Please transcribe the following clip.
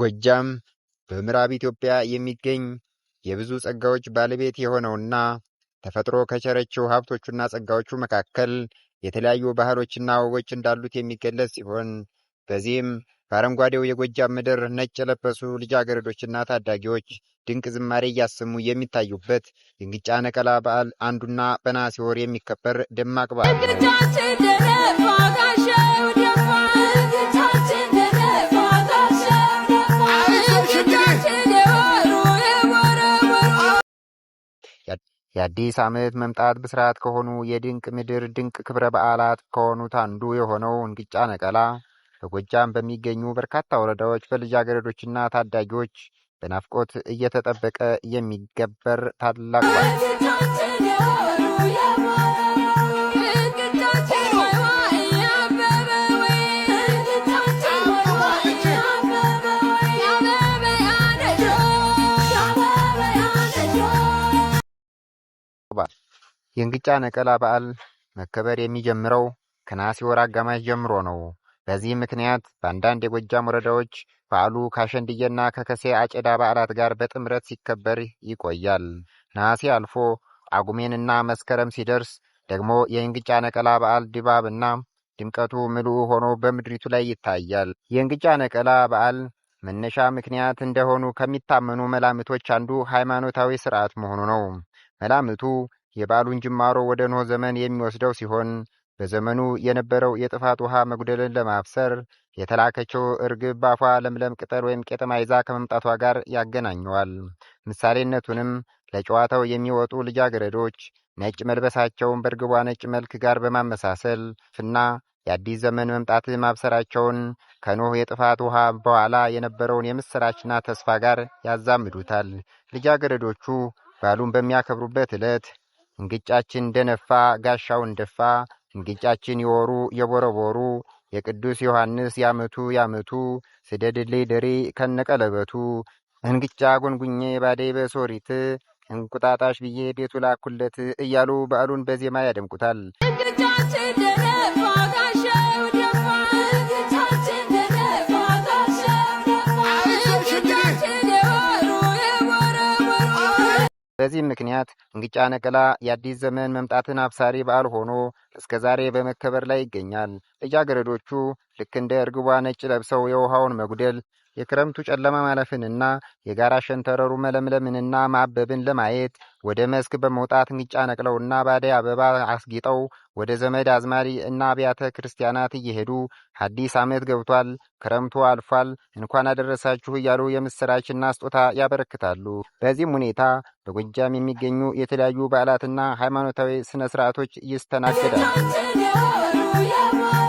ጎጃም በምዕራብ ኢትዮጵያ የሚገኝ የብዙ ጸጋዎች ባለቤት የሆነውና ተፈጥሮ ከቸረችው ሀብቶቹና ጸጋዎቹ መካከል የተለያዩ ባህሎችና ወጎች እንዳሉት የሚገለጽ ሲሆን በዚህም በአረንጓዴው የጎጃም ምድር ነጭ የለበሱ ልጃገረዶችና ታዳጊዎች ድንቅ ዝማሬ እያሰሙ የሚታዩበት የእንግጫ ነቀላ በዓል አንዱና በነሐሴ ወር የሚከበር ደማቅ በዓል የአዲስ ዓመት መምጣት ብስራት ከሆኑ የድንቅ ምድር ድንቅ ክብረ በዓላት ከሆኑት አንዱ የሆነው እንግጫ ነቀላ በጎጃም በሚገኙ በርካታ ወረዳዎች በልጃገረዶችና ታዳጊዎች በናፍቆት እየተጠበቀ የሚገበር ታላቅ በዓል የእንግጫ ነቀላ በዓል መከበር የሚጀምረው ከነሐሴ ወር አጋማሽ ጀምሮ ነው። በዚህ ምክንያት በአንዳንድ የጎጃም ወረዳዎች በዓሉ ከአሸንድዬና ከከሴ አጨዳ በዓላት ጋር በጥምረት ሲከበር ይቆያል። ነሐሴ አልፎ ጳጉሜንና መስከረም ሲደርስ ደግሞ የእንግጫ ነቀላ በዓል ድባብና ድምቀቱ ምልኡ ሆኖ በምድሪቱ ላይ ይታያል። የእንግጫ ነቀላ በዓል መነሻ ምክንያት እንደሆኑ ከሚታመኑ መላምቶች አንዱ ሃይማኖታዊ ስርዓት መሆኑ ነው። መላምቱ የበዓሉን ጅማሮ ወደ ኖህ ዘመን የሚወስደው ሲሆን በዘመኑ የነበረው የጥፋት ውሃ መጉደልን ለማብሰር የተላከችው እርግብ በአፏ ለምለም ቅጠል ወይም ቄጠማ ይዛ ከመምጣቷ ጋር ያገናኘዋል። ምሳሌነቱንም ለጨዋታው የሚወጡ ልጃገረዶች ነጭ መልበሳቸውን በእርግቧ ነጭ መልክ ጋር በማመሳሰል ፍና የአዲስ ዘመን መምጣት ማብሰራቸውን ከኖህ የጥፋት ውሃ በኋላ የነበረውን የምስራችና ተስፋ ጋር ያዛምዱታል። ልጃገረዶቹ ባሉን በሚያከብሩበት ዕለት እንግጫችን እንደነፋ ጋሻውን ደፋ እንግጫችን የወሩ የቦረቦሩ የቅዱስ ዮሐንስ ያመቱ ያመቱ ስደድሌ ደሬ ከነቀለበቱ እንግጫ ጎንጉኜ ባዴ በሶሪት እንቁጣጣሽ ብዬ ቤቱ ላኩለት እያሉ በዓሉን በዜማ ያደምቁታል። በዚህም ምክንያት እንግጫ ነቀላ የአዲስ ዘመን መምጣትን አብሳሪ በዓል ሆኖ እስከ ዛሬ በመከበር ላይ ይገኛል። ልጃገረዶቹ ልክ እንደ እርግቧ ነጭ ለብሰው የውሃውን መጉደል የክረምቱ ጨለማ ማለፍንና የጋራ ሸንተረሩ መለምለምንና ማበብን ለማየት ወደ መስክ በመውጣት ንጫ ነቅለውና ባደይ አበባ አስጌጠው ወደ ዘመድ አዝማሪ እና አብያተ ክርስቲያናት እየሄዱ አዲስ ዓመት ገብቷል፣ ክረምቱ አልፏል፣ እንኳን አደረሳችሁ እያሉ የምስራችና ስጦታ ያበረክታሉ። በዚህም ሁኔታ በጎጃም የሚገኙ የተለያዩ በዓላትና ሃይማኖታዊ ስነ ስርዓቶች ይስተናገዳል። Hatırlıyorum yaman